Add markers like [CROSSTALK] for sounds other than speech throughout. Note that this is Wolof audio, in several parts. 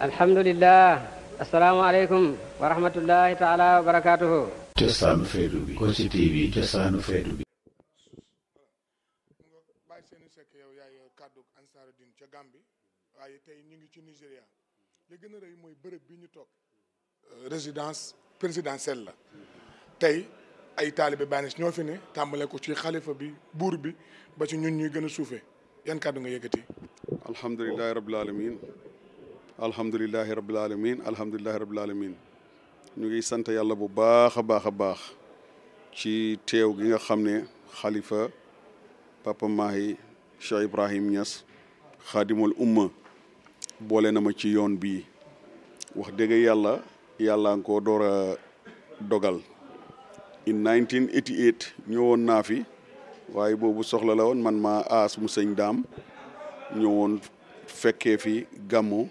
alhamdulillah asalaamaaleykum wa rahmatullahi taala wa barakaatuhu cosaanu feetu bi Kossy TV cosaanu feetu bi bàyyi seeni sekk yow yaay kàddu Ansaarud-Din ca Gàmbi waaye tey ñu ngi ci Nigéria li gën a rëy mooy bërëb bi ñu toog euh, résidence présidentielle la tey ay taalibe baanis ñoo fi ne tàmbale ko ci xalifa bi buur bi ba ci ñun ñuy gën a suufee yan kàddu nga yëkkati alhamdulilahi rabbil alamin alhamdulilahi rabbil alamin alhamdulilahi rabbil alamin ñu ngi sant yàlla bu baax a baax a baax ci teew gi nga xam ne xalifa papa Mahi Cheikh Ibrahim Niass xaadimul umma boole na ma ci yoon bii wax dëgg yàlla yàlla nga ko door a dogal in 1988 ñëwoon naa fi waaye boobu soxla la woon man ma aas mu sëñ daam ñëwoon fekkee fi gàmmu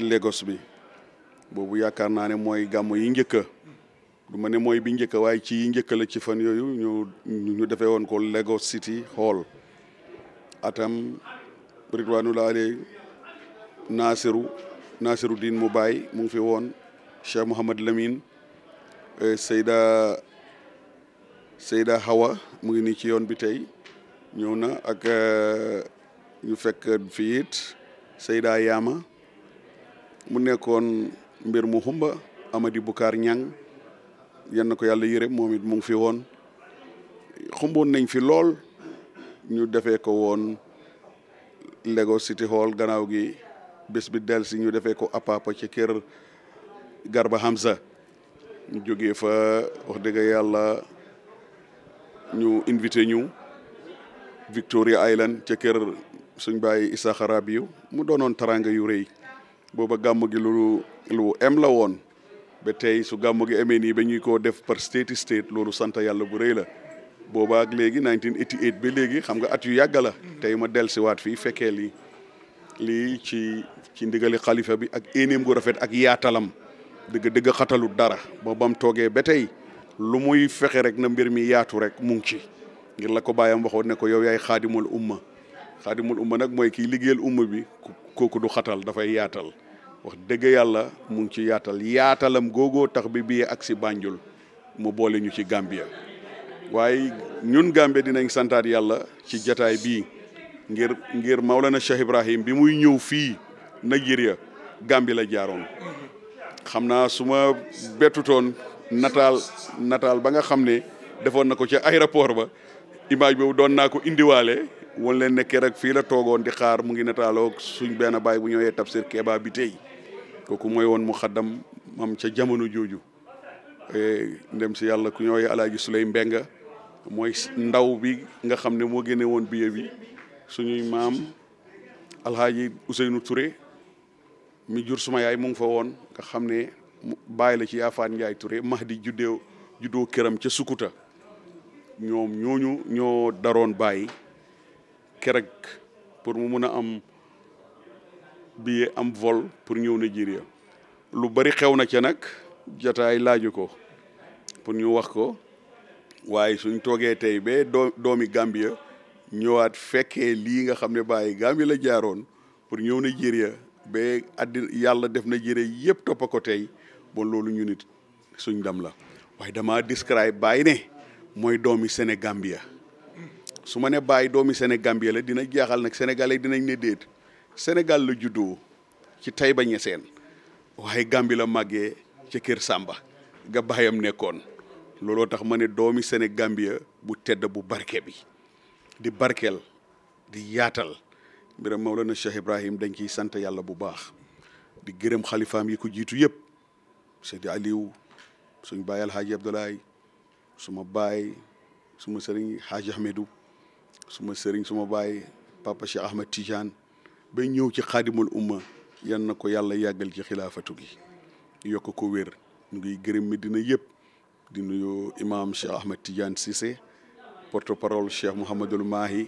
Lagos bi boobu yaakaar naa ne mooy gàmmu yi njëkk du ma ne mooy bi njëkk waaye ci yi njëkk la ci fan yooyu ñu ñu defee woon ko Lagos City Hall atam ridwanullah aley Nasiru Nasiru Diin mu baay mu ngi fi woon Cheikh Mouhamad Lamine eh, Seyda Seyda Hawa mu ngi nii ci yoon bi tey ñëw na ak eh, ñu fekk fii it Seyda Yaama mu nekkoon mbir mu xumba amadi Boucar Niang yan ko yàlla yërëm moom it mu ngi fi woon xumboon nañ fi lool ñu defee ko woon lego City Hall Ganaugi, gi bés bi del si ñu defee ko apapa ci kër Garba Hamza ñu jógee fa wax dëgg yàlla ñu invité ñu Victoria Island ca kër suñ bàyyi Issa Rabiu mu doonoon taranga yu rëy booba gàmm gi lu lu em la woon ba tey su gàmm gi amee nii ba ñuy def par state state loolu sant yàlla bu rëy la booba ak léegi 1988 ba léegi xam nga at yu yàgg la tey ma dellusiwaat fi fekkee lii lii ci ci ndigali xalifa bi ak éeneem gu rafet ak yaatalam dëgg dëgg xatalut dara ba bam toogee ba tey lu muy fexe rek na mbir mi yaatu rek mu ngi ci ngir la ko bàyyam waxoon ne ko yow yaay xaadimul umma xaadimul umma nag mooy kiy liggéeyal umma bi kooku du xatal dafay yaatal wax dëgg yàlla mu ngi ci yaatal yaatalam googoo tax bi bii ak si Banjul mu boole ñu ci Gambia waaye ñun Gambia dinañ santaat yàlla ci jataay bii ngir ngir Maulana Cheikh Ibrahim bi muy ñëw fii Nigeria Gambie la jaaroon xam naa suma ma bettutoon nataal ba nga xam ne defoon na ko ca aéroport ba image boobu doon naa ko indiwaale woon leen nekkee rek fii la toogoon di xaar mu ngi nataaloo suñ benn baay bu ñëwee Tafsir Keba bi tey kooku mooy woon mu xaddam mam ca jamono jooju e, ndem si yàlla ku ñooy alaaji Suley Mbenga mooy ndaw bi nga xam ne moo génne woon billet bi suñuy maam alhaaji Ousseynou Touré mi jur suma yaay mu ngi fa woon nga xam ne bàyyi la ci yaafaan Njaay Touré Mahdi juddoo juddoo këram ca sukkuta ñoom ñooñu ñoo daroon bàyyi kerek pour mu mun a am billet am vol pour ñëw Nigeria lu bari xew na ca nag jotaay laaju ko pour ñu wax ko waaye suñ toogee tey ba doo doomi Gambia ñëwaat fekkee lii nga xam ne bàyyi Gambie la jaaroon pour ñëw Nigeria ba àddina yàlla def na Nigeria yëpp toppa ko tey bon loolu ñu suñ ndam la waaye dama describe bàyyi ne mooy doomi Sénégambia su ma ne bàyyi doomi Sénégambia la dina jaaxal nag sénégalais dinañ ne déet Sénégal la juddoo ci Taïba Niassène waaye Gàmbi la màggee ci Kër Sàmba ga baayam nekkoon looloo tax ma ne doomi Sénégambia bu tedd bu barke bi di barkel di yaatal mbiram Mawlana Cheikh Ibrahim dañ ciy sant yàlla bu baax di gërëm xalifaam yi ko jiitu yëpp Seydi Aliou suñ baay Alhaaji Abdoulaye suma baay suma sëriñ xaaj Ahmedou suma sëriñ suma baay Papa Cheikh Ahmed Tidiane ba ñëw ci xaadimul umma yan na ko yàlla yàggal ci xilaafatu gi yokk ko wér ñu ngi gërëm Medina yëpp di nuyu imaam Cheikh Ahmed Tidiane Cissé porte parole Cheikh Mouhamadul Mahi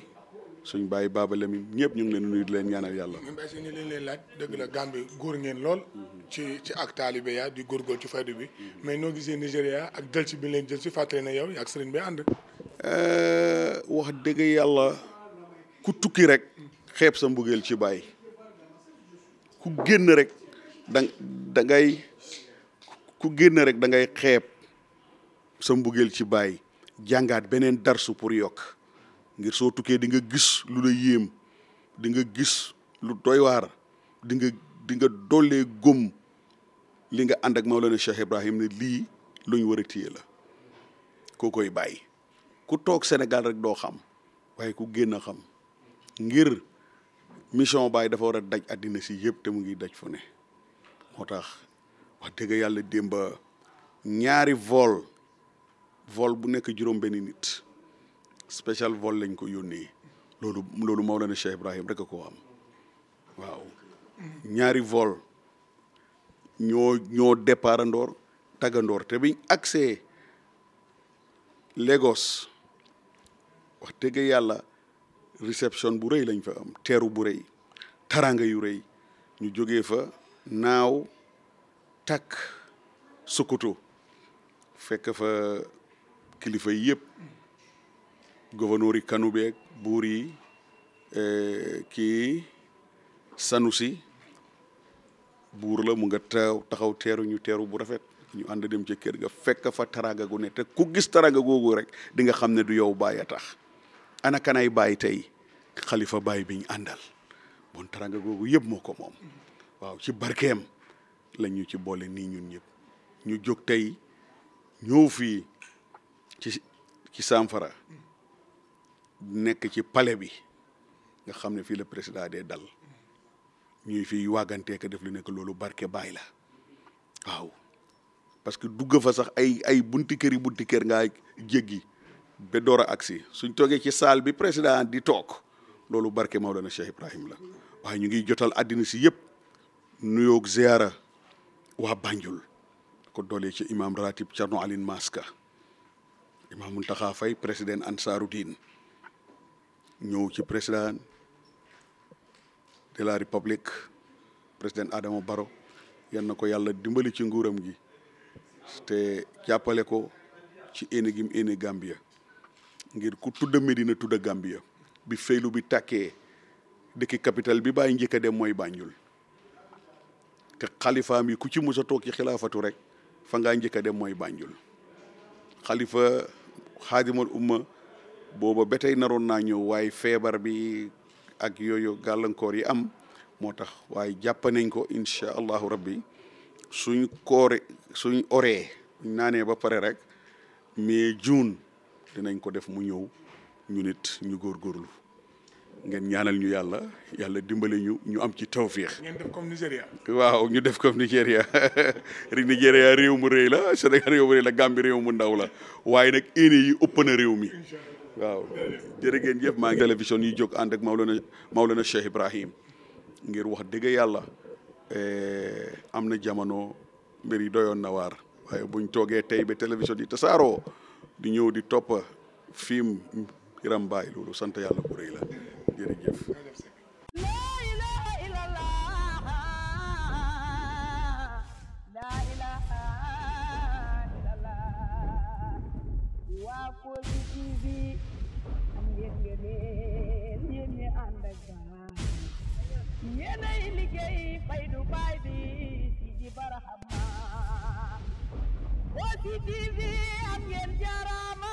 suñ baay baaba Lamine ñëpp ñu ngi leen nuyu di ñaanal yàlla. ñun Baye Séni leen laaj dëgg la Gambie góor ngeen lool. ci ci ak taalibe yaa di góorgóorlu ci faydu bi. mais noo gisee Nigéria ak jël ci bi leen jël ci fàttali na yow ak sëriñ bi ànd. Euh, wax dëgg yàlla ku tukki rek. xeeb sa mbugeel ci bàyyi ku génn rek da ku génn rek da xeeb sa mbugeel ci bàyyi jàngaat beneen darsu pour yokk ngir soo tukkee di gis lu la yéem dinga gis lu doy waar di di nga dollee góom li nga ànd ak Mawlana Cheikh Ibrahim ne lii lu ñu war a téye la koo koy bàyyi ku toog senegal rek doo xam waaye ku génn xam ngir mission baay dafa war a daj àddina si yëpp te mu ngi daj fu moo tax wax dëgg yàlla démba ñaari vol vol bu nekk juróom benn nit spécial vol lañ ko yónnee loolu loolu Mawlana Cheikh Ibrahim rek a ko am waaw ñaari vol ñoo ñoo départ tàggandoor te biñ accès Lagos wax dëgg yàlla réception bu rëy lañ fa am teeru bu rëy taranga yu rëy ñu jóge fa naaw takk Sokoto fekk fa kilifa yi yëpp gouverneur yi kanu beeg buur yi eh, kii Sanusi buur la mu nga taw taxaw teeru ñu teeru bu rafet ñu ànd dem ca kër ga fekk fa taranga gu ne te ku gis taranga googu rek di nga xam ne du yow baay a tax ana kanay bàyyi tey xalifa bàyyi biñ àndal bon taranga googu yëpp moo ko moom waaw ci barkeem la ñu ci boole nii ñun ñëpp ñu jóg tey ñëw fii ci ci Samfara nekk ci pale bi nga xam ne fii la président de dal ñuy fii wàggantee def lu nekk loolu barke bàyyi la waaw parce que dugga fa sax ay ay bunti kër yi bunti kër ngaa jéggi bedora dora aksi suñ toge ci bi président di tok loolu barke Maolana Cheikh Ibrahim la waaye ñu ngi jotal ci yep nuyo ak ziara wa Banjul ko doolee ci imam ratib Thierno alin Maska imam Muntaxa Fay président Ansaruddin ñëw ci président de la république président adamo baro yan na ko yàlla dimbali ci nguuram gi té jappalé ko ci gim Gambia ngir ku tudd Medina tudd Gambia bi faylu bi takkee dëkki capital bi bàyyi njëkk a dem mooy Banjul te xalifaam yi ku ci mos a toog ci rek fa ngaa a dem mooy Banjul xalifa xaadimal umma booba ba tey naroon naa ñëw waaye feebar bi ak yooyu gàllankoor yi am moo tax waaye jàpp nañ ko incha allahu rabbi suñ koore suñ oree naanee ba pare rek mais juun dinañ ko def mu ñëw ñu nit ñu góorgóorlu ngeen ñaanal ñu yàlla yàlla dimbale ñu ñu am ci tawfiix. ngeen def waaw ñu def comme Nigéria [LAUGHS] rek Nigéria réew mu rëy la Sénégal réew mu rëy la Gambie réew mu ndaw la waaye nag ene yi ëpp na réew mi. waaw jërë ngeen jëf maa ngi télévision yi jóg ànd ak Maolana Maolana Cheikh Ibrahim ngir wax dëgg yàlla eh, am na jamono mbir yi doyoon na waar waaye buñ toogee tey ba télévision yi tasaaroo di ñëw di toppa fiim Iram loolu sant yàlla bu rëy la jërëjëf yéenay liggéey fay du baay bi ci ji baraham Mourchid TV am ngeen jaaraama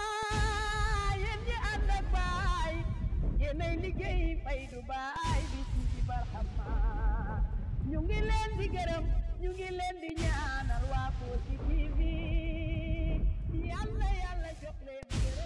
yéen ñi ànd baay yéenay liggéey fay du baay bi ci barxama ñu ngi leen di gërëm ñu leen di ñaanal waa Kossy TV yàlla yàlla jox leen gërëm